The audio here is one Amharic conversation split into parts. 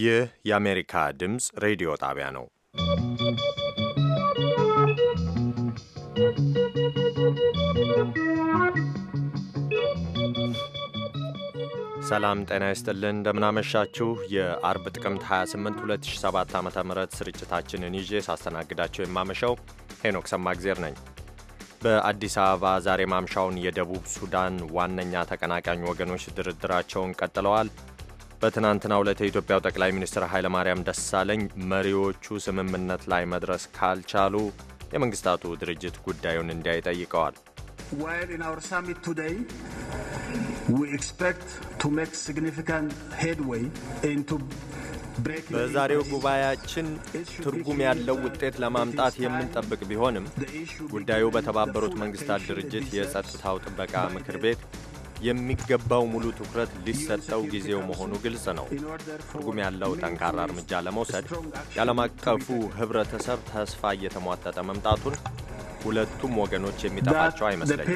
ይህ የአሜሪካ ድምፅ ሬዲዮ ጣቢያ ነው። ሰላም ጤና ይስጥልን። እንደምናመሻችሁ የአርብ ጥቅምት 28 2007 ዓ ም ስርጭታችንን ይዤ ሳስተናግዳቸው የማመሸው ሄኖክ ሰማግዜር ነኝ። በአዲስ አበባ ዛሬ ማምሻውን የደቡብ ሱዳን ዋነኛ ተቀናቃኝ ወገኖች ድርድራቸውን ቀጥለዋል። በትናንትና ዕለት የኢትዮጵያው ጠቅላይ ሚኒስትር ኃይለማርያም ደሳለኝ መሪዎቹ ስምምነት ላይ መድረስ ካልቻሉ የመንግስታቱ ድርጅት ጉዳዩን እንዲያይ ጠይቀዋል። በዛሬው ጉባኤያችን ትርጉም ያለው ውጤት ለማምጣት የምንጠብቅ ቢሆንም ጉዳዩ በተባበሩት መንግስታት ድርጅት የጸጥታው ጥበቃ ምክር ቤት የሚገባው ሙሉ ትኩረት ሊሰጠው ጊዜው መሆኑ ግልጽ ነው። ትርጉም ያለው ጠንካራ እርምጃ ለመውሰድ የዓለም አቀፉ ህብረተሰብ ተስፋ እየተሟጠጠ መምጣቱን ሁለቱም ወገኖች የሚጠፋቸው አይመስለኝም።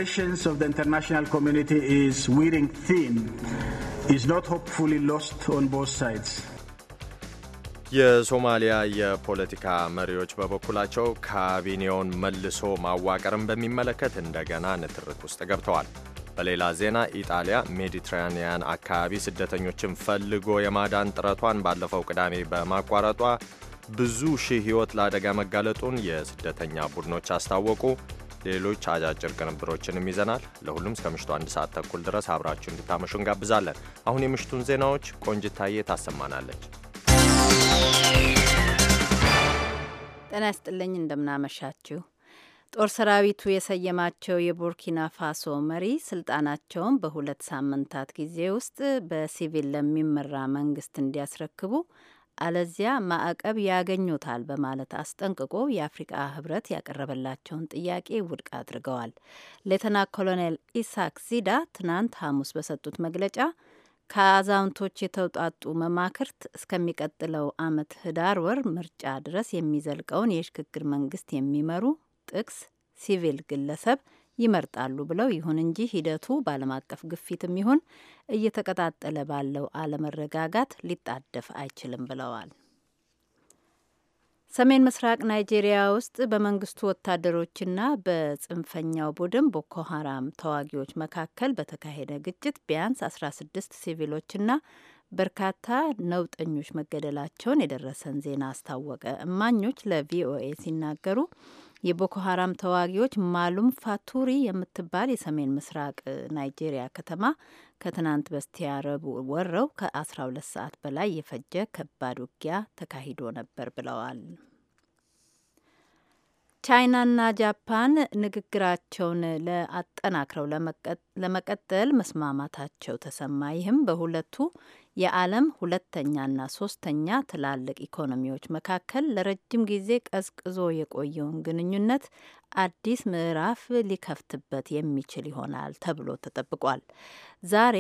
የሶማሊያ የፖለቲካ መሪዎች በበኩላቸው ካቢኔውን መልሶ ማዋቀርን በሚመለከት እንደገና ንትርክ ውስጥ ገብተዋል። በሌላ ዜና ኢጣሊያ ሜዲትራኒያን አካባቢ ስደተኞችን ፈልጎ የማዳን ጥረቷን ባለፈው ቅዳሜ በማቋረጧ ብዙ ሺህ ሕይወት ለአደጋ መጋለጡን የስደተኛ ቡድኖች አስታወቁ። ሌሎች አጫጭር ቅንብሮችንም ይዘናል። ለሁሉም እስከ ምሽቱ አንድ ሰዓት ተኩል ድረስ አብራችሁ እንድታመሹ እንጋብዛለን። አሁን የምሽቱን ዜናዎች ቆንጅታዬ ታሰማናለች። ጤና ይስጥልኝ፣ እንደምናመሻችሁ። ጦር ሰራዊቱ የሰየማቸው የቡርኪና ፋሶ መሪ ስልጣናቸውን በሁለት ሳምንታት ጊዜ ውስጥ በሲቪል ለሚመራ መንግስት እንዲያስረክቡ አለዚያ ማዕቀብ ያገኙታል በማለት አስጠንቅቆ የአፍሪቃ ህብረት ያቀረበላቸውን ጥያቄ ውድቅ አድርገዋል። ሌተና ኮሎኔል ኢሳክ ዚዳ ትናንት ሐሙስ በሰጡት መግለጫ ከአዛውንቶች የተውጣጡ መማክርት እስከሚቀጥለው ዓመት ህዳር ወር ምርጫ ድረስ የሚዘልቀውን የሽግግር መንግስት የሚመሩ ጥቅስ ሲቪል ግለሰብ ይመርጣሉ ብለው ይሁን እንጂ ሂደቱ በዓለም አቀፍ ግፊትም ይሁን እየተቀጣጠለ ባለው አለመረጋጋት ሊጣደፍ አይችልም ብለዋል። ሰሜን ምስራቅ ናይጄሪያ ውስጥ በመንግስቱ ወታደሮችና በጽንፈኛው ቡድን ቦኮ ሀራም ተዋጊዎች መካከል በተካሄደ ግጭት ቢያንስ 16 ሲቪሎችና በርካታ ነውጠኞች መገደላቸውን የደረሰን ዜና አስታወቀ። እማኞች ለቪኦኤ ሲናገሩ የቦኮ ሀራም ተዋጊዎች ማሉም ፋቱሪ የምትባል የሰሜን ምስራቅ ናይጄሪያ ከተማ ከትናንት በስቲያ ረቡዕ ወረው ከ12 ሰዓት በላይ የፈጀ ከባድ ውጊያ ተካሂዶ ነበር ብለዋል። ቻይናና ጃፓን ንግግራቸውን ለአጠናክረው ለመቀጠል መስማማታቸው ተሰማ። ይህም በሁለቱ የዓለም ሁለተኛና ሶስተኛ ትላልቅ ኢኮኖሚዎች መካከል ለረጅም ጊዜ ቀዝቅዞ የቆየውን ግንኙነት አዲስ ምዕራፍ ሊከፍትበት የሚችል ይሆናል ተብሎ ተጠብቋል። ዛሬ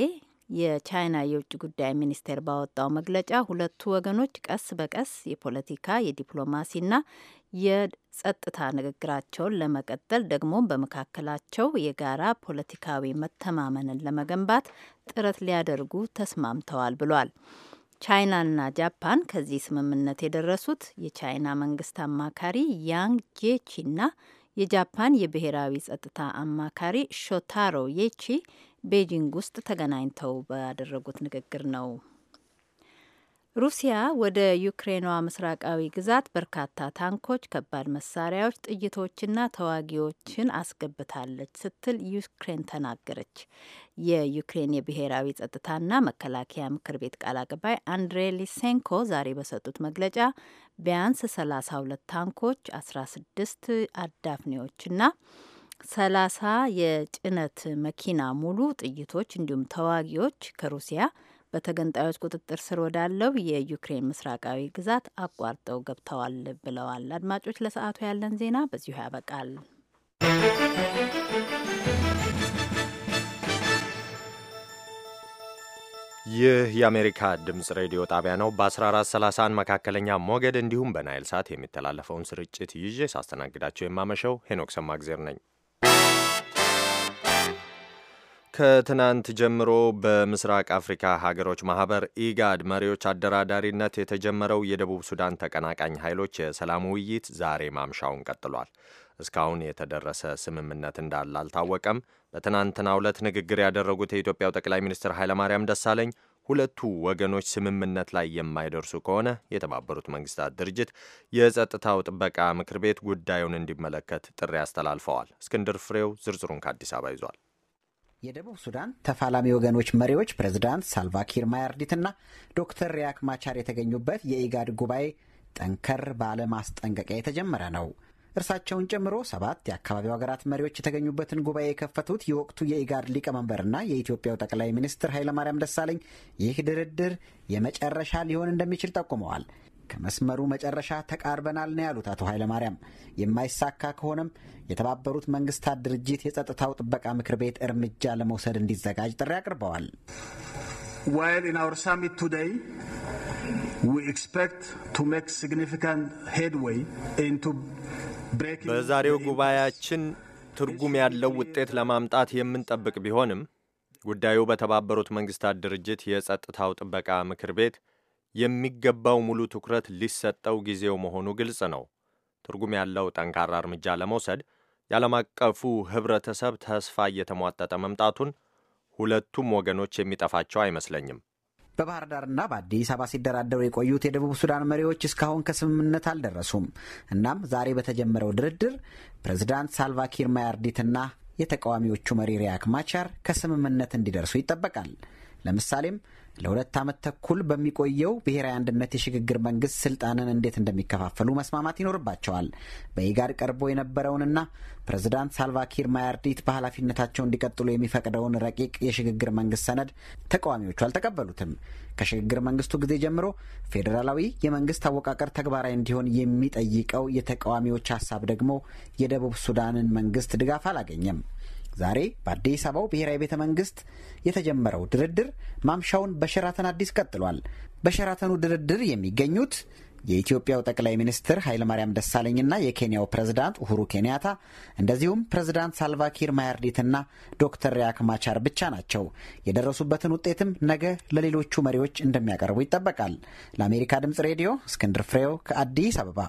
የቻይና የውጭ ጉዳይ ሚኒስቴር ባወጣው መግለጫ ሁለቱ ወገኖች ቀስ በቀስ የፖለቲካ የዲፕሎማሲና ጸጥታ ንግግራቸውን ለመቀጠል ደግሞ በመካከላቸው የጋራ ፖለቲካዊ መተማመንን ለመገንባት ጥረት ሊያደርጉ ተስማምተዋል ብሏል። ቻይናና ጃፓን ከዚህ ስምምነት የደረሱት የቻይና መንግስት አማካሪ ያንግ ጄቺና የጃፓን የብሔራዊ ጸጥታ አማካሪ ሾታሮ የቺ ቤጂንግ ውስጥ ተገናኝተው ባደረጉት ንግግር ነው። ሩሲያ ወደ ዩክሬኗ ምስራቃዊ ግዛት በርካታ ታንኮች፣ ከባድ መሳሪያዎች፣ ጥይቶችና ተዋጊዎችን አስገብታለች ስትል ዩክሬን ተናገረች። የዩክሬን የብሔራዊ ጸጥታና መከላከያ ምክር ቤት ቃል አቀባይ አንድሬ ሊሴንኮ ዛሬ በሰጡት መግለጫ ቢያንስ 32 ታንኮች፣ 16 አዳፍኔዎችና 30 የጭነት መኪና ሙሉ ጥይቶች እንዲሁም ተዋጊዎች ከሩሲያ በተገንጣዮች ቁጥጥር ስር ወዳለው የዩክሬን ምስራቃዊ ግዛት አቋርጠው ገብተዋል ብለዋል። አድማጮች፣ ለሰዓቱ ያለን ዜና በዚሁ ያበቃል። ይህ የአሜሪካ ድምፅ ሬዲዮ ጣቢያ ነው። በ1431 መካከለኛ ሞገድ እንዲሁም በናይል ሳት የሚተላለፈውን ስርጭት ይዤ ሳስተናግዳቸው የማመሸው ሄኖክ ሰማግዜር ነኝ። ከትናንት ጀምሮ በምስራቅ አፍሪካ ሀገሮች ማህበር ኢጋድ መሪዎች አደራዳሪነት የተጀመረው የደቡብ ሱዳን ተቀናቃኝ ኃይሎች የሰላም ውይይት ዛሬ ማምሻውን ቀጥሏል። እስካሁን የተደረሰ ስምምነት እንዳለ አልታወቀም። በትናንትናው ዕለት ንግግር ያደረጉት የኢትዮጵያው ጠቅላይ ሚኒስትር ኃይለማርያም ደሳለኝ ሁለቱ ወገኖች ስምምነት ላይ የማይደርሱ ከሆነ የተባበሩት መንግስታት ድርጅት የጸጥታው ጥበቃ ምክር ቤት ጉዳዩን እንዲመለከት ጥሪ አስተላልፈዋል። እስክንድር ፍሬው ዝርዝሩን ከአዲስ አበባ ይዟል። የደቡብ ሱዳን ተፋላሚ ወገኖች መሪዎች ፕሬዝዳንት ሳልቫኪር ማያርዲትና ዶክተር ሪያክ ማቻር የተገኙበት የኢጋድ ጉባኤ ጠንከር ባለ ማስጠንቀቂያ የተጀመረ ነው። እርሳቸውን ጨምሮ ሰባት የአካባቢው ሀገራት መሪዎች የተገኙበትን ጉባኤ የከፈቱት የወቅቱ የኢጋድ ሊቀመንበርና የኢትዮጵያው ጠቅላይ ሚኒስትር ኃይለማርያም ደሳለኝ ይህ ድርድር የመጨረሻ ሊሆን እንደሚችል ጠቁመዋል። ከመስመሩ መጨረሻ ተቃርበናል ነው ያሉት አቶ ኃይለማርያም። የማይሳካ ከሆነም የተባበሩት መንግስታት ድርጅት የጸጥታው ጥበቃ ምክር ቤት እርምጃ ለመውሰድ እንዲዘጋጅ ጥሪ አቅርበዋል። while in our summit today we expect to make significant headway into breaking በዛሬው ጉባኤያችን ትርጉም ያለው ውጤት ለማምጣት የምንጠብቅ ቢሆንም ጉዳዩ በተባበሩት መንግስታት ድርጅት የጸጥታው ጥበቃ ምክር ቤት የሚገባው ሙሉ ትኩረት ሊሰጠው ጊዜው መሆኑ ግልጽ ነው። ትርጉም ያለው ጠንካራ እርምጃ ለመውሰድ የዓለም አቀፉ ኅብረተሰብ ተስፋ እየተሟጠጠ መምጣቱን ሁለቱም ወገኖች የሚጠፋቸው አይመስለኝም። በባህር ዳርና በአዲስ አበባ ሲደራደሩ የቆዩት የደቡብ ሱዳን መሪዎች እስካሁን ከስምምነት አልደረሱም። እናም ዛሬ በተጀመረው ድርድር ፕሬዝዳንት ሳልቫኪር ማያርዲትና የተቃዋሚዎቹ መሪ ሪያክ ማቻር ከስምምነት እንዲደርሱ ይጠበቃል። ለምሳሌም ለሁለት ዓመት ተኩል በሚቆየው ብሔራዊ አንድነት የሽግግር መንግስት ስልጣንን እንዴት እንደሚከፋፈሉ መስማማት ይኖርባቸዋል። በኢጋድ ቀርቦ የነበረውንና ፕሬዝዳንት ሳልቫኪር ማያርዲት በኃላፊነታቸው እንዲቀጥሉ የሚፈቅደውን ረቂቅ የሽግግር መንግስት ሰነድ ተቃዋሚዎቹ አልተቀበሉትም። ከሽግግር መንግስቱ ጊዜ ጀምሮ ፌዴራላዊ የመንግስት አወቃቀር ተግባራዊ እንዲሆን የሚጠይቀው የተቃዋሚዎች ሀሳብ ደግሞ የደቡብ ሱዳንን መንግስት ድጋፍ አላገኘም። ዛሬ በአዲስ አበባው ብሔራዊ ቤተ መንግስት የተጀመረው ድርድር ማምሻውን በሸራተን አዲስ ቀጥሏል። በሸራተኑ ድርድር የሚገኙት የኢትዮጵያው ጠቅላይ ሚኒስትር ኃይለማርያም ደሳለኝና የኬንያው ፕሬዝዳንት ኡሁሩ ኬንያታ እንደዚሁም ፕሬዝዳንት ሳልቫኪር ማያርዲትና ዶክተር ሪያክ ማቻር ብቻ ናቸው። የደረሱበትን ውጤትም ነገ ለሌሎቹ መሪዎች እንደሚያቀርቡ ይጠበቃል። ለአሜሪካ ድምጽ ሬዲዮ እስክንድር ፍሬው ከአዲስ አበባ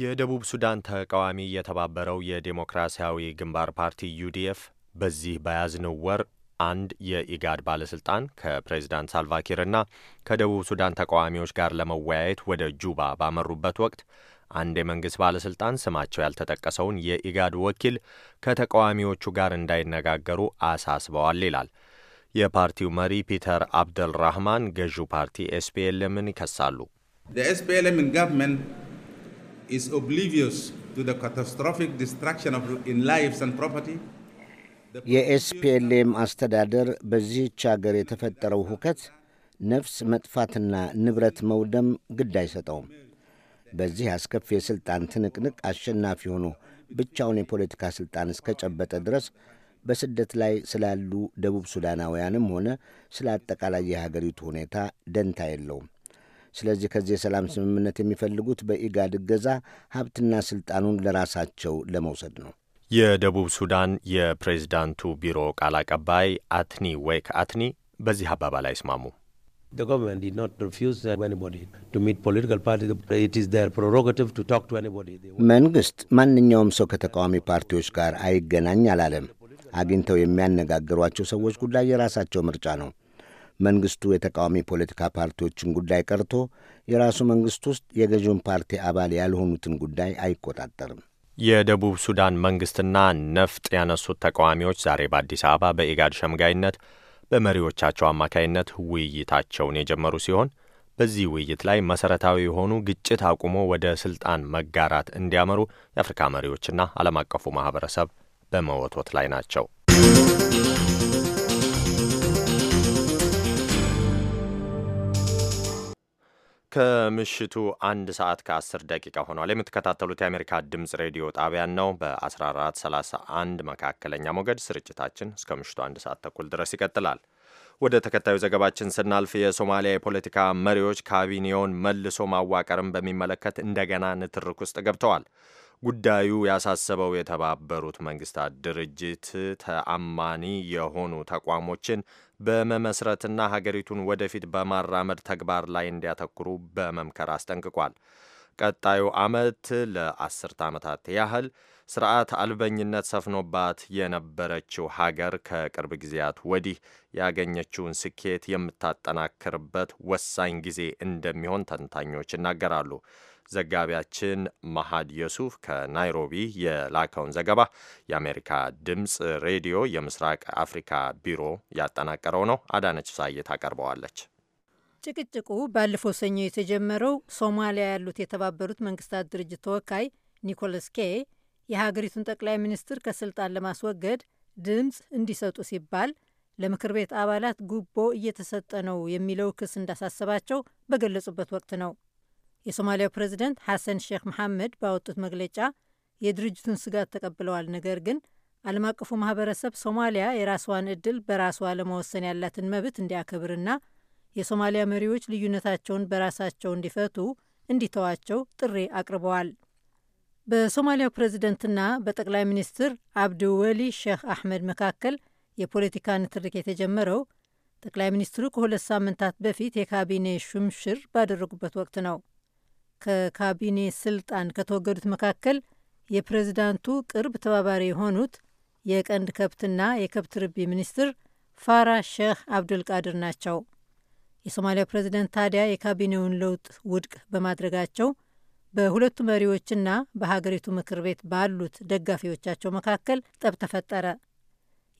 የደቡብ ሱዳን ተቃዋሚ የተባበረው የዴሞክራሲያዊ ግንባር ፓርቲ ዩዲኤፍ በዚህ በያዝነው ወር አንድ የኢጋድ ባለስልጣን ከፕሬዚዳንት ሳልቫኪርና ከደቡብ ሱዳን ተቃዋሚዎች ጋር ለመወያየት ወደ ጁባ ባመሩበት ወቅት አንድ የመንግሥት ባለስልጣን ስማቸው ያልተጠቀሰውን የኢጋድ ወኪል ከተቃዋሚዎቹ ጋር እንዳይነጋገሩ አሳስበዋል ይላል። የፓርቲው መሪ ፒተር አብደል ራህማን ገዢው ፓርቲ ኤስፒኤልምን ይከሳሉ። is oblivious to the catastrophic destruction of in lives and property የኤስፒኤልኤም አስተዳደር በዚህች አገር የተፈጠረው ሁከት ነፍስ መጥፋትና ንብረት መውደም ግድ አይሰጠውም። በዚህ አስከፊ የሥልጣን ትንቅንቅ አሸናፊ ሆኖ ብቻውን የፖለቲካ ሥልጣን እስከጨበጠ ድረስ በስደት ላይ ስላሉ ደቡብ ሱዳናውያንም ሆነ ስለ አጠቃላይ የሀገሪቱ ሁኔታ ደንታ የለውም። ስለዚህ ከዚህ የሰላም ስምምነት የሚፈልጉት በኢጋድ እገዛ ሀብትና ስልጣኑን ለራሳቸው ለመውሰድ ነው። የደቡብ ሱዳን የፕሬዝዳንቱ ቢሮ ቃል አቀባይ አትኒ ዌክ አትኒ በዚህ አባባል አይስማሙ። መንግስት ማንኛውም ሰው ከተቃዋሚ ፓርቲዎች ጋር አይገናኝ አላለም። አግኝተው የሚያነጋግሯቸው ሰዎች ጉዳይ የራሳቸው ምርጫ ነው። መንግስቱ የተቃዋሚ ፖለቲካ ፓርቲዎችን ጉዳይ ቀርቶ የራሱ መንግስት ውስጥ የገዢውን ፓርቲ አባል ያልሆኑትን ጉዳይ አይቆጣጠርም። የደቡብ ሱዳን መንግስትና ነፍጥ ያነሱት ተቃዋሚዎች ዛሬ በአዲስ አበባ በኢጋድ ሸምጋይነት በመሪዎቻቸው አማካይነት ውይይታቸውን የጀመሩ ሲሆን በዚህ ውይይት ላይ መሰረታዊ የሆኑ ግጭት አቁሞ ወደ ስልጣን መጋራት እንዲያመሩ የአፍሪካ መሪዎችና ዓለም አቀፉ ማህበረሰብ በመወቶት ላይ ናቸው። ከምሽቱ አንድ ሰዓት ከ10 ደቂቃ ሆኗል። የምትከታተሉት የአሜሪካ ድምፅ ሬዲዮ ጣቢያን ነው። በ1431 መካከለኛ ሞገድ ስርጭታችን እስከ ምሽቱ አንድ ሰዓት ተኩል ድረስ ይቀጥላል። ወደ ተከታዩ ዘገባችን ስናልፍ የሶማሊያ የፖለቲካ መሪዎች ካቢኔውን መልሶ ማዋቀርን በሚመለከት እንደገና ንትርክ ውስጥ ገብተዋል። ጉዳዩ ያሳሰበው የተባበሩት መንግስታት ድርጅት ተአማኒ የሆኑ ተቋሞችን በመመስረትና ሀገሪቱን ወደፊት በማራመድ ተግባር ላይ እንዲያተኩሩ በመምከር አስጠንቅቋል። ቀጣዩ ዓመት ለአስርተ ዓመታት ያህል ስርዓት አልበኝነት ሰፍኖባት የነበረችው ሀገር ከቅርብ ጊዜያት ወዲህ ያገኘችውን ስኬት የምታጠናክርበት ወሳኝ ጊዜ እንደሚሆን ተንታኞች ይናገራሉ። ዘጋቢያችን መሀድ የሱፍ ከናይሮቢ የላከውን ዘገባ የአሜሪካ ድምፅ ሬዲዮ የምስራቅ አፍሪካ ቢሮ ያጠናቀረው ነው። አዳነች ሳየት አቀርበዋለች። ጭቅጭቁ ባለፈው ሰኞ የተጀመረው ሶማሊያ ያሉት የተባበሩት መንግስታት ድርጅት ተወካይ ኒኮለስ ኬይ የሀገሪቱን ጠቅላይ ሚኒስትር ከስልጣን ለማስወገድ ድምፅ እንዲሰጡ ሲባል ለምክር ቤት አባላት ጉቦ እየተሰጠ ነው የሚለው ክስ እንዳሳሰባቸው በገለጹበት ወቅት ነው። የሶማሊያው ፕሬዚደንት ሐሰን ሼክ መሐመድ ባወጡት መግለጫ የድርጅቱን ስጋት ተቀብለዋል። ነገር ግን ዓለም አቀፉ ማህበረሰብ ሶማሊያ የራስዋን እድል በራሷ ለመወሰን ያላትን መብት እንዲያከብርና የሶማሊያ መሪዎች ልዩነታቸውን በራሳቸው እንዲፈቱ እንዲተዋቸው ጥሪ አቅርበዋል። በሶማሊያው ፕሬዚደንትና በጠቅላይ ሚኒስትር አብድወሊ ሼክ አሕመድ መካከል የፖለቲካ ንትርክ የተጀመረው ጠቅላይ ሚኒስትሩ ከሁለት ሳምንታት በፊት የካቢኔ ሹምሽር ባደረጉበት ወቅት ነው። ከካቢኔ ስልጣን ከተወገዱት መካከል የፕሬዝዳንቱ ቅርብ ተባባሪ የሆኑት የቀንድ ከብትና የከብት ርቢ ሚኒስትር ፋራ ሼህ አብዱልቃድር ናቸው። የሶማሊያ ፕሬዝደንት ታዲያ የካቢኔውን ለውጥ ውድቅ በማድረጋቸው በሁለቱ መሪዎችና በሀገሪቱ ምክር ቤት ባሉት ደጋፊዎቻቸው መካከል ጠብ ተፈጠረ።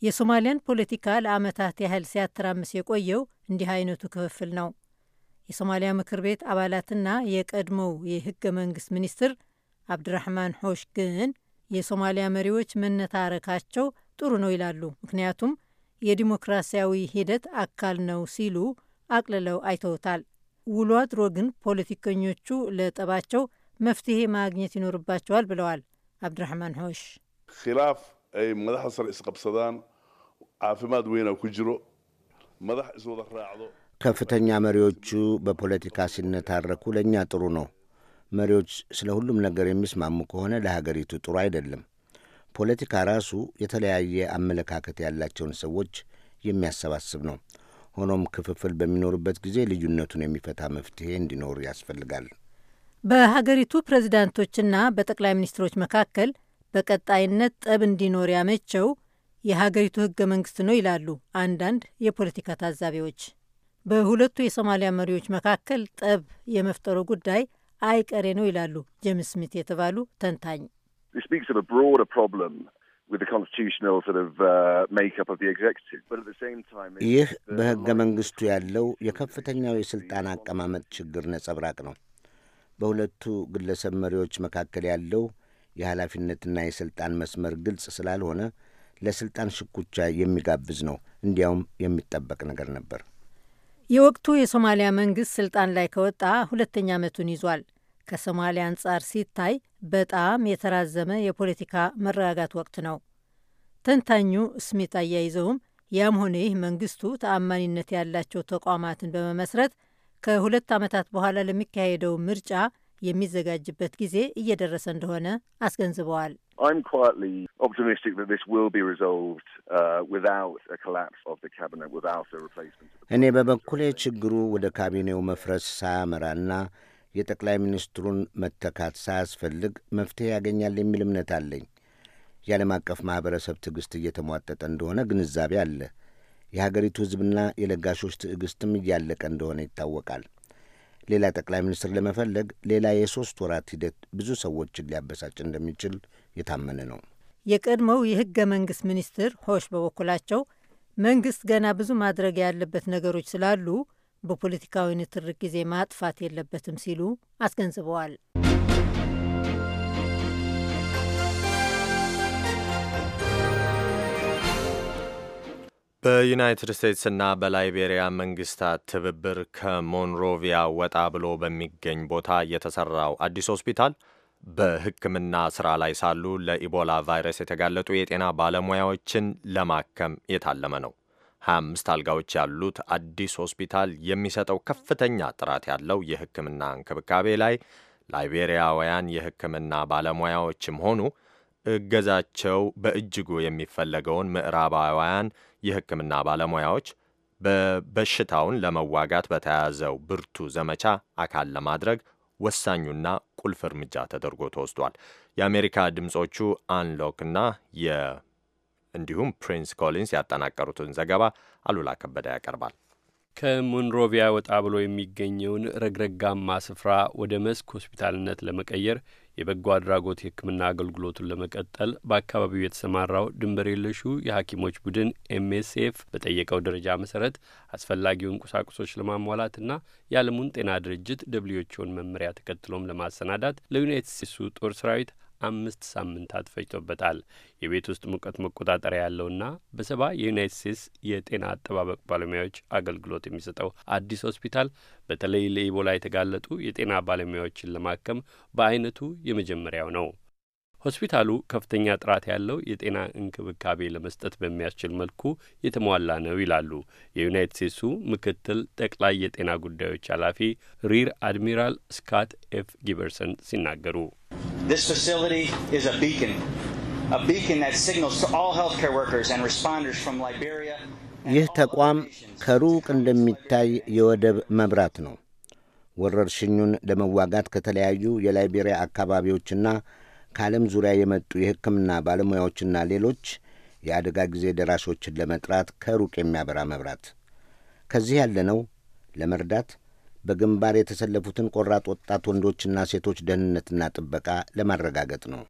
የሶማሊያን ፖለቲካ ለዓመታት ያህል ሲያተራምስ የቆየው እንዲህ አይነቱ ክፍፍል ነው። የሶማሊያ ምክር ቤት አባላትና የቀድሞው የህገ መንግስት ሚኒስትር አብድራህማን ሆሽ ግን የሶማሊያ መሪዎች መነታረካቸው ጥሩ ነው ይላሉ፣ ምክንያቱም የዲሞክራሲያዊ ሂደት አካል ነው ሲሉ አቅልለው አይተውታል። ውሎ አድሮ ግን ፖለቲከኞቹ ለጠባቸው መፍትሄ ማግኘት ይኖርባቸዋል ብለዋል አብድራህማን ሆሽ። ኪላፍ ይ መዳሕ ስር ስቀብሰዳን ዓፊማድ ወይና ኩጅሮ መዳሕ ከፍተኛ መሪዎቹ በፖለቲካ ሲነታረኩ ለእኛ ጥሩ ነው። መሪዎች ስለ ሁሉም ነገር የሚስማሙ ከሆነ ለሀገሪቱ ጥሩ አይደለም። ፖለቲካ ራሱ የተለያየ አመለካከት ያላቸውን ሰዎች የሚያሰባስብ ነው። ሆኖም ክፍፍል በሚኖርበት ጊዜ ልዩነቱን የሚፈታ መፍትሄ እንዲኖር ያስፈልጋል። በሀገሪቱ ፕሬዚዳንቶችና በጠቅላይ ሚኒስትሮች መካከል በቀጣይነት ጠብ እንዲኖር ያመቸው የሀገሪቱ ህገ መንግስት ነው ይላሉ አንዳንድ የፖለቲካ ታዛቢዎች። በሁለቱ የሶማሊያ መሪዎች መካከል ጠብ የመፍጠሩ ጉዳይ አይቀሬ ነው ይላሉ ጄምስ ስሚት የተባሉ ተንታኝ። uh, ይህ በሕገ መንግሥቱ ያለው የከፍተኛው የሥልጣን አቀማመጥ ችግር ነጸብራቅ ነው። በሁለቱ ግለሰብ መሪዎች መካከል ያለው የኃላፊነትና የሥልጣን መስመር ግልጽ ስላልሆነ ለሥልጣን ሽኩቻ የሚጋብዝ ነው። እንዲያውም የሚጠበቅ ነገር ነበር። የወቅቱ የሶማሊያ መንግስት ስልጣን ላይ ከወጣ ሁለተኛ ዓመቱን ይዟል። ከሶማሊያ አንጻር ሲታይ በጣም የተራዘመ የፖለቲካ መረጋጋት ወቅት ነው። ተንታኙ ስሚት አያይዘውም ያም ሆነ ይህ መንግስቱ ተአማኒነት ያላቸው ተቋማትን በመመስረት ከሁለት ዓመታት በኋላ ለሚካሄደው ምርጫ የሚዘጋጅበት ጊዜ እየደረሰ እንደሆነ አስገንዝበዋል። I'm quietly optimistic that this will be resolved uh, without a collapse of the cabinet, without a replacement. እኔ በበኩሌ ችግሩ ወደ ካቢኔው መፍረስ ሳያመራና የጠቅላይ ሚኒስትሩን መተካት ሳያስፈልግ መፍትሄ ያገኛል የሚል እምነት አለኝ። የዓለም አቀፍ ማኅበረሰብ ትዕግሥት እየተሟጠጠ እንደሆነ ግንዛቤ አለ። የሀገሪቱ ሕዝብና የለጋሾች ትዕግሥትም እያለቀ እንደሆነ ይታወቃል። ሌላ ጠቅላይ ሚኒስትር ለመፈለግ ሌላ የሦስት ወራት ሂደት ብዙ ሰዎችን ሊያበሳጭ እንደሚችል የታመነ ነው። የቀድሞው የህገ መንግስት ሚኒስትር ሆሽ በበኩላቸው መንግስት ገና ብዙ ማድረግ ያለበት ነገሮች ስላሉ በፖለቲካዊ ንትርክ ጊዜ ማጥፋት የለበትም ሲሉ አስገንዝበዋል። በዩናይትድ ስቴትስና በላይቤሪያ መንግስታት ትብብር ከሞንሮቪያ ወጣ ብሎ በሚገኝ ቦታ የተሰራው አዲስ ሆስፒታል በሕክምና ስራ ላይ ሳሉ ለኢቦላ ቫይረስ የተጋለጡ የጤና ባለሙያዎችን ለማከም የታለመ ነው። 25 አልጋዎች ያሉት አዲስ ሆስፒታል የሚሰጠው ከፍተኛ ጥራት ያለው የሕክምና እንክብካቤ ላይ ላይቤሪያውያን የሕክምና ባለሙያዎችም ሆኑ እገዛቸው በእጅጉ የሚፈለገውን ምዕራባውያን የሕክምና ባለሙያዎች በበሽታውን ለመዋጋት በተያዘው ብርቱ ዘመቻ አካል ለማድረግ ወሳኙና ቁልፍ እርምጃ ተደርጎ ተወስዷል። የአሜሪካ ድምፆቹ አንሎክና እንዲሁም ፕሪንስ ኮሊንስ ያጠናቀሩትን ዘገባ አሉላ ከበዳ ያቀርባል። ከሞንሮቪያ ወጣ ብሎ የሚገኘውን ረግረጋማ ስፍራ ወደ መስክ ሆስፒታልነት ለመቀየር የበጎ አድራጎት የሕክምና አገልግሎቱን ለመቀጠል በአካባቢው የተሰማራው ድንበር የለሹ የሐኪሞች ቡድን ኤምኤስኤፍ በጠየቀው ደረጃ መሰረት አስፈላጊውን ቁሳቁሶች ለማሟላትና የዓለሙን ጤና ድርጅት ደብልዩኤችኦን መመሪያ ተከትሎም ለማሰናዳት ለዩናይትድ ስቴትሱ ጦር ሰራዊት አምስት ሳምንታት ፈጅቶበታል። የቤት ውስጥ ሙቀት መቆጣጠሪያ ያለውና በሰባ የዩናይት ስቴትስ የጤና አጠባበቅ ባለሙያዎች አገልግሎት የሚሰጠው አዲስ ሆስፒታል በተለይ ለኢቦላ የተጋለጡ የጤና ባለሙያዎችን ለማከም በአይነቱ የመጀመሪያው ነው። ሆስፒታሉ ከፍተኛ ጥራት ያለው የጤና እንክብካቤ ለመስጠት በሚያስችል መልኩ የተሟላ ነው ይላሉ የዩናይት ስቴትሱ ምክትል ጠቅላይ የጤና ጉዳዮች ኃላፊ ሪር አድሚራል ስካት ኤፍ ጊበርሰን ሲናገሩ This facility is a beacon, a beacon that signals to all healthcare workers and responders from Liberia. ይህ ተቋም ከሩቅ እንደሚታይ የወደብ መብራት ነው። ወረርሽኙን ለመዋጋት ከተለያዩ የላይቤሪያ አካባቢዎችና ከዓለም ዙሪያ የመጡ የሕክምና ባለሙያዎችና ሌሎች የአደጋ ጊዜ ደራሾችን ለመጥራት ከሩቅ የሚያበራ መብራት ከዚህ ያለነው ለመርዳት በግንባር የተሰለፉትን ቆራጥ ወጣት ወንዶችና ሴቶች ደህንነትና ጥበቃ ለማረጋገጥ ነው።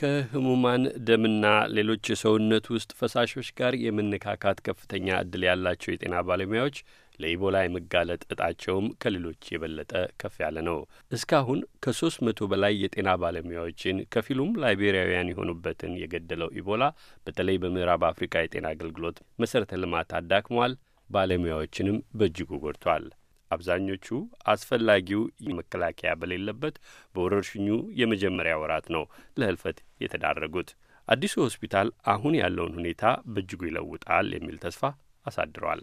ከህሙማን ደምና ሌሎች የሰውነት ውስጥ ፈሳሾች ጋር የመነካካት ከፍተኛ እድል ያላቸው የጤና ባለሙያዎች ለኢቦላ የመጋለጥ እጣቸውም ከሌሎች የበለጠ ከፍ ያለ ነው። እስካሁን ከሶስት መቶ በላይ የጤና ባለሙያዎችን ከፊሉም ላይቤሪያውያን የሆኑበትን የገደለው ኢቦላ በተለይ በምዕራብ አፍሪካ የጤና አገልግሎት መሠረተ ልማት አዳክሟል፣ ባለሙያዎችንም በእጅጉ ጎድቷል። አብዛኞቹ አስፈላጊው መከላከያ በሌለበት በወረርሽኙ የመጀመሪያ ወራት ነው ለህልፈት የተዳረጉት። አዲሱ ሆስፒታል አሁን ያለውን ሁኔታ በእጅጉ ይለውጣል የሚል ተስፋ አሳድሯል።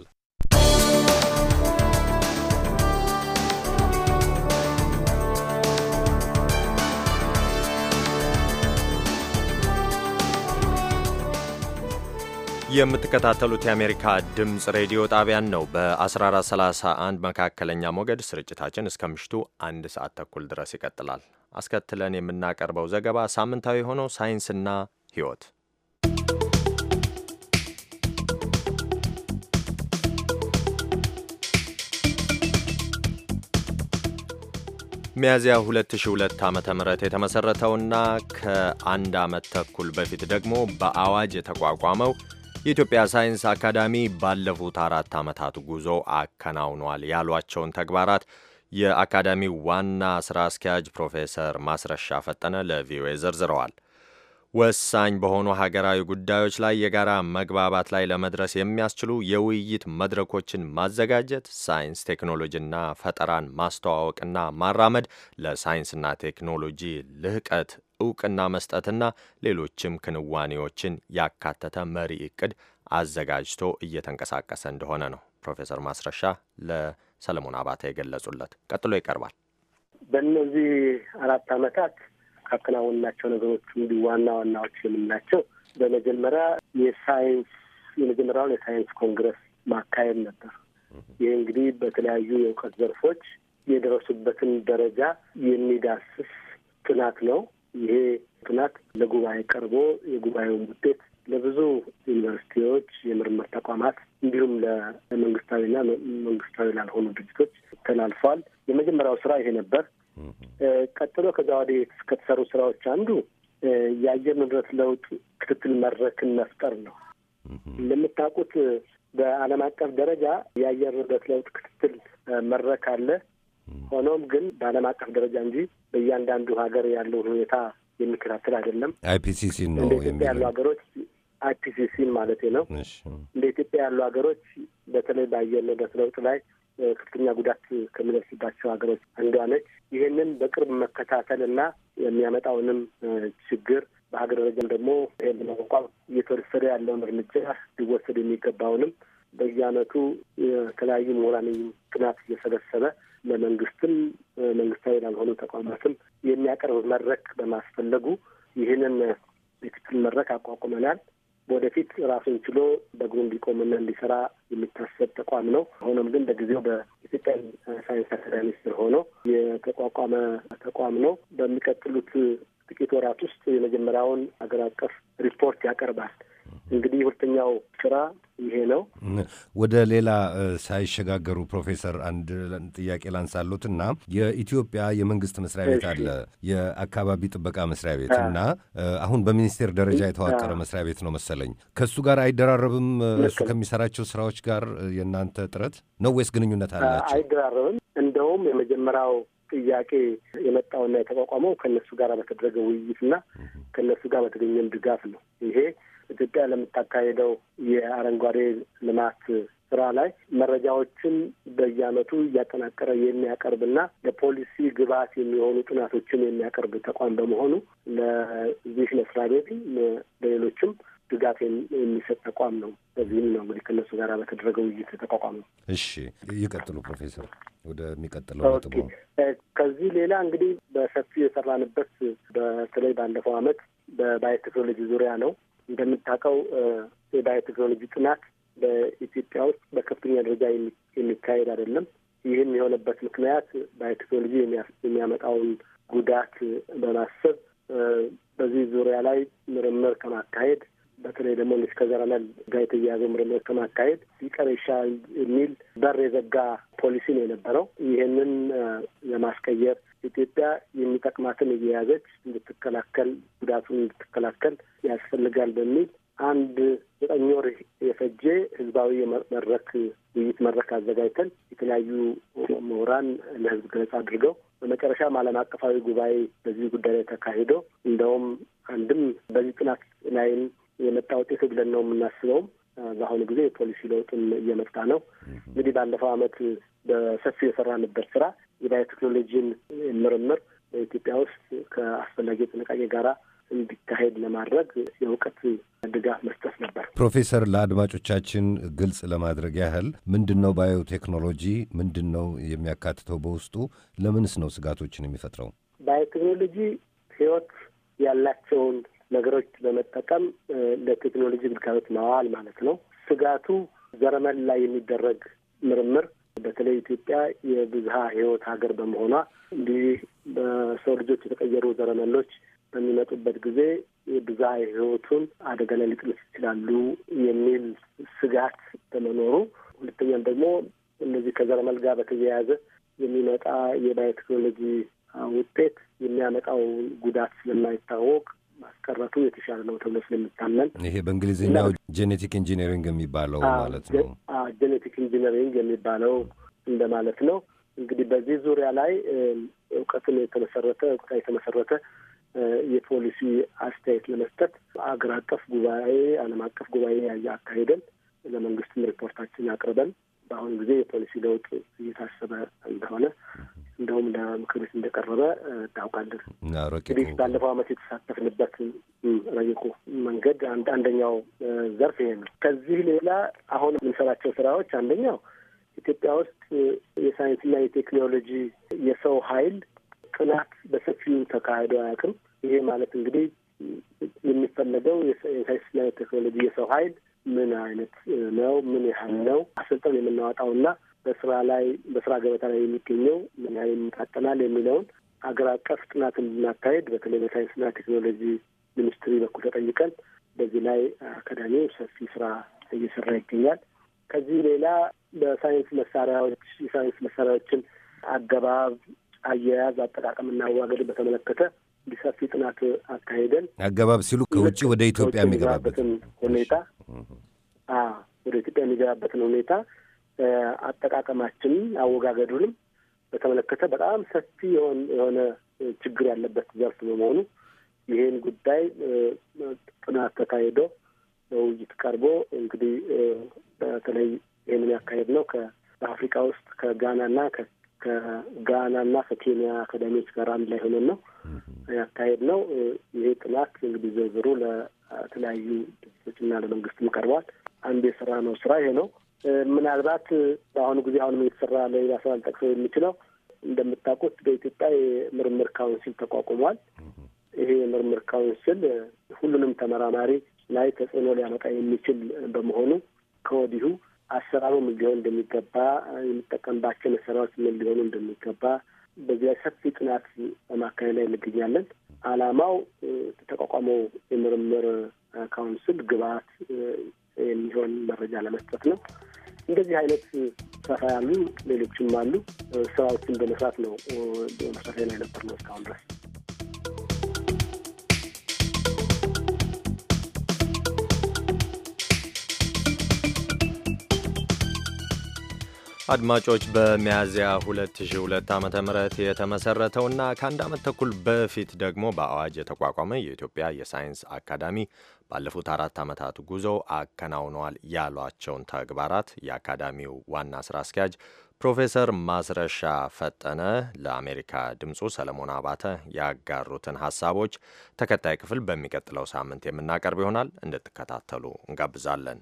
የምትከታተሉት የአሜሪካ ድምፅ ሬዲዮ ጣቢያን ነው። በ1431 መካከለኛ ሞገድ ስርጭታችን እስከ ምሽቱ አንድ ሰዓት ተኩል ድረስ ይቀጥላል። አስከትለን የምናቀርበው ዘገባ ሳምንታዊ የሆነው ሳይንስና ሕይወት ሚያዝያ 2002 ዓ ም የተመሠረተውና ከአንድ ዓመት ተኩል በፊት ደግሞ በአዋጅ የተቋቋመው የኢትዮጵያ ሳይንስ አካዳሚ ባለፉት አራት ዓመታት ጉዞ አከናውኗል ያሏቸውን ተግባራት የአካዳሚው ዋና ሥራ አስኪያጅ ፕሮፌሰር ማስረሻ ፈጠነ ለቪኦኤ ዘርዝረዋል። ወሳኝ በሆኑ ሀገራዊ ጉዳዮች ላይ የጋራ መግባባት ላይ ለመድረስ የሚያስችሉ የውይይት መድረኮችን ማዘጋጀት፣ ሳይንስ ቴክኖሎጂና ፈጠራን ማስተዋወቅና ማራመድ ለሳይንስና ቴክኖሎጂ ልህቀት እውቅና መስጠትና ሌሎችም ክንዋኔዎችን ያካተተ መሪ እቅድ አዘጋጅቶ እየተንቀሳቀሰ እንደሆነ ነው ፕሮፌሰር ማስረሻ ለሰለሞን አባተ የገለጹለት። ቀጥሎ ይቀርባል። በእነዚህ አራት ዓመታት ካከናወንናቸው ነገሮች እንዲህ ዋና ዋናዎች የምንላቸው በመጀመሪያ የሳይንስ የመጀመሪያውን የሳይንስ ኮንግረስ ማካሄድ ነበር። ይህ እንግዲህ በተለያዩ የእውቀት ዘርፎች የደረሱበትን ደረጃ የሚዳስስ ጥናት ነው። ይሄ ጥናት ለጉባኤ ቀርቦ የጉባኤውን ውጤት ለብዙ ዩኒቨርሲቲዎች፣ የምርምር ተቋማት እንዲሁም ለመንግስታዊና መንግስታዊ ላልሆኑ ድርጅቶች ተላልፏል። የመጀመሪያው ስራ ይሄ ነበር። ቀጥሎ ከዛ ወዲህ ከተሰሩ ስራዎች አንዱ የአየር ንብረት ለውጥ ክትትል መድረክን መፍጠር ነው። እንደምታውቁት በዓለም አቀፍ ደረጃ የአየር ንብረት ለውጥ ክትትል መድረክ አለ። ሆኖም ግን በዓለም አቀፍ ደረጃ እንጂ በእያንዳንዱ ሀገር ያለውን ሁኔታ የሚከታተል አይደለም። አይፒሲሲ ነው ኢትዮጵያ ያሉ ሀገሮች አይፒሲሲን ማለት ነው። እንደ ኢትዮጵያ ያሉ ሀገሮች በተለይ በአየር ንብረት ለውጥ ላይ ከፍተኛ ጉዳት ከሚደርስባቸው ሀገሮች አንዷ ነች። ይህንን በቅርብ መከታተል እና የሚያመጣውንም ችግር በሀገር ደረጃም ደግሞ ይህን ለመቋቋም እየተወሰደ ያለውን እርምጃ ሊወሰድ የሚገባውንም በየአመቱ የተለያዩ ምሁራን ጥናት እየሰበሰበ ለመንግስትም መንግስታዊ ላልሆኑ ተቋማትም የሚያቀርብ መድረክ በማስፈለጉ ይህንን የክትል መድረክ አቋቁመናል። ወደፊት ራሱን ችሎ በእግሩ እንዲቆምና እንዲሰራ የሚታሰብ ተቋም ነው። ሆኖም ግን በጊዜው በኢትዮጵያ ሳይንስ አካዳሚ ስር ሆኖ የተቋቋመ ተቋም ነው። በሚቀጥሉት ጥቂት ወራት ውስጥ የመጀመሪያውን ሀገር አቀፍ ሪፖርት ያቀርባል። እንግዲህ ሁለተኛው ስራ ይሄ ነው። ወደ ሌላ ሳይሸጋገሩ ፕሮፌሰር አንድ ጥያቄ ላንሳሎት እና የኢትዮጵያ የመንግስት መስሪያ ቤት አለ፣ የአካባቢ ጥበቃ መስሪያ ቤት እና አሁን በሚኒስቴር ደረጃ የተዋቀረ መስሪያ ቤት ነው መሰለኝ። ከእሱ ጋር አይደራረብም? እሱ ከሚሰራቸው ስራዎች ጋር የእናንተ ጥረት ነው ወይስ ግንኙነት አላቸው? አይደራረብም። እንደውም የመጀመሪያው ጥያቄ የመጣውና የተቋቋመው ከእነሱ ጋር በተደረገ ውይይትና ከእነሱ ጋር በተገኘም ድጋፍ ነው ይሄ ኢትዮጵያ ለምታካሄደው የአረንጓዴ ልማት ስራ ላይ መረጃዎችን በየአመቱ እያጠናቀረ የሚያቀርብና ለፖሊሲ ግብዓት የሚሆኑ ጥናቶችን የሚያቀርብ ተቋም በመሆኑ ለዚህ ለስራ ቤት ለሌሎችም ድጋፍ የሚሰጥ ተቋም ነው። በዚህም ነው እንግዲህ ከነሱ ጋር በተደረገ ውይይት ተቋቋም ነው። እሺ ይቀጥሉ ፕሮፌሰር፣ ወደሚቀጥለው ከዚህ ሌላ እንግዲህ በሰፊው የሰራንበት በተለይ ባለፈው ዓመት በባዮቴክኖሎጂ ዙሪያ ነው። እንደምታውቀው የባዮቴክኖሎጂ ጥናት በኢትዮጵያ ውስጥ በከፍተኛ ደረጃ የሚካሄድ አይደለም። ይህም የሆነበት ምክንያት ባዮቴክኖሎጂ የሚያመጣውን ጉዳት በማሰብ በዚህ ዙሪያ ላይ ምርምር ከማካሄድ በተለይ ደግሞ እስከ ዘረመል ጋር የተያያዘ ምርምር ከማካሄድ ይቀር ይሻል የሚል በር የዘጋ ፖሊሲ ነው የነበረው። ይህንን ለማስቀየር ኢትዮጵያ የሚጠቅማትን እየያዘች እንድትከላከል፣ ጉዳቱን እንድትከላከል ያስፈልጋል በሚል አንድ ዘጠኝ ወር የፈጀ ህዝባዊ መድረክ ውይይት መድረክ አዘጋጅተን የተለያዩ ምሁራን ለህዝብ ገለጻ አድርገው በመጨረሻም ዓለም አቀፋዊ ጉባኤ በዚህ ጉዳይ ላይ ተካሂዶ እንደውም አንድም በዚህ ጥናት ላይም የመጣ ውጤት ብለን ነው የምናስበውም። በአሁኑ ጊዜ የፖሊሲ ለውጥም እየመጣ ነው። እንግዲህ ባለፈው ዓመት በሰፊው የሰራንበት ስራ የባዮቴክኖሎጂን ምርምር በኢትዮጵያ ውስጥ ከአስፈላጊ ጥንቃቄ ጋራ እንዲካሄድ ለማድረግ የእውቀት ድጋፍ መስጠት ነበር። ፕሮፌሰር፣ ለአድማጮቻችን ግልጽ ለማድረግ ያህል ምንድን ነው ባዮቴክኖሎጂ? ምንድን ነው የሚያካትተው? በውስጡ ለምንስ ነው ስጋቶችን የሚፈጥረው? ባዮቴክኖሎጂ ህይወት ያላቸውን ነገሮች በመጠቀም ለቴክኖሎጂ ግልጋሎት ማዋል ማለት ነው። ስጋቱ ዘረመል ላይ የሚደረግ ምርምር በተለይ ኢትዮጵያ የብዝሃ ህይወት ሀገር በመሆኗ እንዲህ በሰው ልጆች የተቀየሩ ዘረመሎች በሚመጡበት ጊዜ የብዝሃ ህይወቱን አደጋ ላይ ሊጥሉት ይችላሉ የሚል ስጋት በመኖሩ፣ ሁለተኛም ደግሞ እነዚህ ከዘረመል ጋር በተያያዘ የሚመጣ የባዮቴክኖሎጂ ውጤት የሚያመጣው ጉዳት ስለማይታወቅ ማስቀረቱ የተሻለ ነው ተብሎ ስለሚታመን ይሄ በእንግሊዝኛው ጄኔቲክ ኢንጂነሪንግ የሚባለው ማለት ነው። ጄኔቲክ ኢንጂነሪንግ የሚባለው እንደማለት ነው። እንግዲህ በዚህ ዙሪያ ላይ እውቀትን የተመሰረተ እውቅታ የተመሰረተ የፖሊሲ አስተያየት ለመስጠት አገር አቀፍ ጉባኤ፣ ዓለም አቀፍ ጉባኤ ያየ አካሄደን ለመንግስትም ሪፖርታችን አቅርበን በአሁኑ ጊዜ የፖሊሲ ለውጥ እየታሰበ እንደሆነ እንደውም ለምክር ቤት እንደቀረበ ታውቃለን። እንግዲህ ባለፈው ዓመት የተሳተፍንበት ረቂቁ መንገድ አንደኛው ዘርፍ ይሄ ነው። ከዚህ ሌላ አሁን የምንሰራቸው ስራዎች አንደኛው ኢትዮጵያ ውስጥ የሳይንስና የቴክኖሎጂ የሰው ኃይል ጥናት በሰፊው ተካሂዶ አያውቅም። ይሄ ማለት እንግዲህ የሚፈለገው የሳይንስና የቴክኖሎጂ የሰው ኃይል ምን አይነት ነው? ምን ያህል ነው? አሰልጠን የምናወጣው እና በስራ ላይ በስራ ገበታ ላይ የሚገኘው ምን ያህል የሚጣጠናል የሚለውን አገር አቀፍ ጥናት እንድናካሄድ በተለይ በሳይንስና ቴክኖሎጂ ሚኒስትሪ በኩል ተጠይቀን በዚህ ላይ አካዳሚው ሰፊ ስራ እየሰራ ይገኛል። ከዚህ ሌላ በሳይንስ መሳሪያዎች የሳይንስ መሳሪያዎችን አገባብ፣ አያያዝ፣ አጠቃቀምና አዋገድ በተመለከተ ሰፊ ጥናት አካሄደን አገባብ ሲሉ ከውጭ ወደ ኢትዮጵያ የሚገባበትን ሁኔታ ወደ ኢትዮጵያ የሚገባበትን ሁኔታ አጠቃቀማችንን አወጋገዱንም በተመለከተ በጣም ሰፊ የሆነ ችግር ያለበት ዘርፍ በመሆኑ ይህን ጉዳይ ጥናት ተካሂዶ በውይይት ቀርቦ እንግዲህ በተለይ ይህንን ያካሄድ ነው በአፍሪካ ውስጥ ከጋና እና ከጋናና ከኬንያ አካዳሚዎች ጋር አንድ ላይ ሆነን ነው ያካሄድ ነው። ይሄ ጥናት እንግዲህ ዝርዝሩ ለተለያዩ ድርጅቶችና ለመንግስትም ቀርቧል። አንዱ የስራ ነው ስራ ይሄ ነው። ምናልባት በአሁኑ ጊዜ አሁንም እየተሰራ ለሌላ ስራ ልጠቅሰው የሚችለው እንደምታውቁት በኢትዮጵያ የምርምር ካውንስል ተቋቁሟል። ይሄ የምርምር ካውንስል ሁሉንም ተመራማሪ ላይ ተጽዕኖ ሊያመጣ የሚችል በመሆኑ ከወዲሁ አሰራሩ ምን ሊሆን እንደሚገባ የሚጠቀምባቸው መሰሪያዎች ምን ሊሆኑ እንደሚገባ በዚህ ላይ ሰፊ ጥናት በማካሄድ ላይ እንገኛለን። ዓላማው የተቋቋመው የምርምር ካውንስል ግብዓት የሚሆን መረጃ ለመስጠት ነው። እንደዚህ አይነት ሰፋ ያሉ ሌሎችም አሉ ስራዎችን በመስራት ነው መሰረት ላይ ነበር ነው እስካሁን ድረስ አድማጮች በሚያዝያ 2002 ዓ ም የተመሠረተውና ከአንድ ዓመት ተኩል በፊት ደግሞ በአዋጅ የተቋቋመ የኢትዮጵያ የሳይንስ አካዳሚ ባለፉት አራት ዓመታት ጉዞ አከናውነዋል ያሏቸውን ተግባራት የአካዳሚው ዋና ሥራ አስኪያጅ ፕሮፌሰር ማስረሻ ፈጠነ ለአሜሪካ ድምፁ ሰለሞን አባተ ያጋሩትን ሐሳቦች ተከታይ ክፍል በሚቀጥለው ሳምንት የምናቀርብ ይሆናል። እንድትከታተሉ እንጋብዛለን።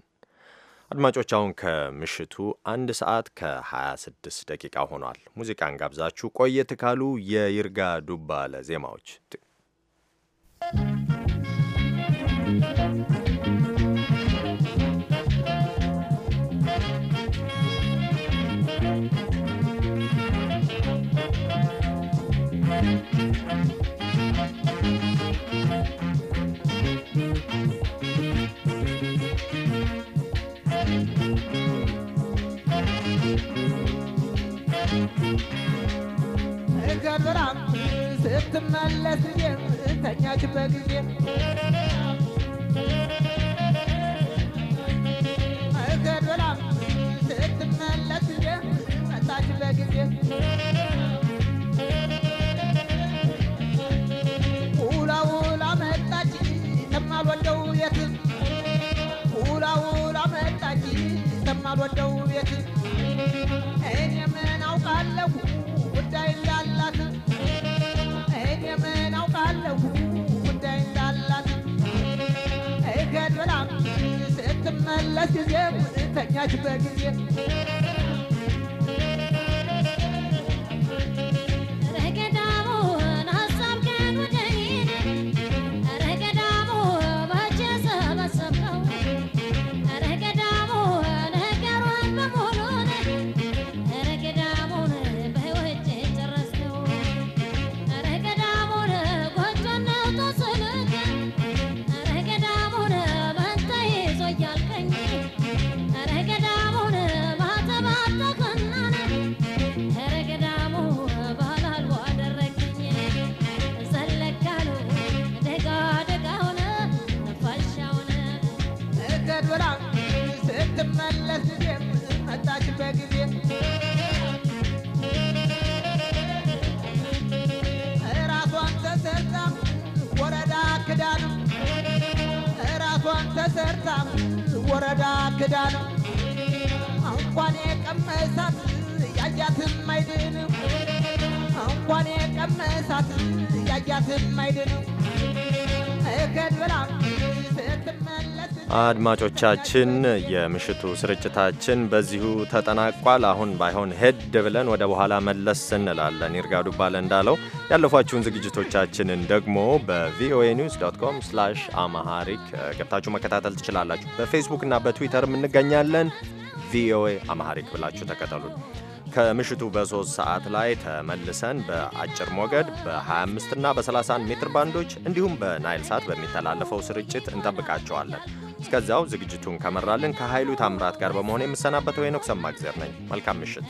አድማጮች አሁን ከምሽቱ አንድ ሰዓት ከ26 ደቂቃ ሆኗል። ሙዚቃን ጋብዛችሁ ቆየት ካሉ የይርጋ ዱባለ ዜማዎች среде, это не о теплой let us get, you get, let you let you get, let ተሰርታ ወረዳ ክዳን እንኳን የቀመሳት ያያትም አይድን እንኳን የቀመሳት ያያትም አይድን እከድ ብላ አድማጮቻችን የምሽቱ ስርጭታችን በዚሁ ተጠናቋል። አሁን ባይሆን ሄድ ብለን ወደ በኋላ መለስ እንላለን። ይርጋዱ ባለ እንዳለው ያለፏችሁን ዝግጅቶቻችንን ደግሞ በቪኦኤ ኒውስ ዶት ኮም ስላሽ አማሃሪክ ገብታችሁ መከታተል ትችላላችሁ። በፌስቡክ እና በትዊተርም እንገኛለን። ቪኦኤ አማሃሪክ ብላችሁ ተከተሉን። ከምሽቱ በሶስት ሰዓት ላይ ተመልሰን በአጭር ሞገድ በ25 እና በ31 ሜትር ባንዶች እንዲሁም በናይል ሳት በሚተላለፈው ስርጭት እንጠብቃቸዋለን። እስከዚያው ዝግጅቱን ከመራልን ከኃይሉ ታምራት ጋር በመሆን የምሰናበተው ሄኖክ ሰማግዜር ነኝ። መልካም ምሽት።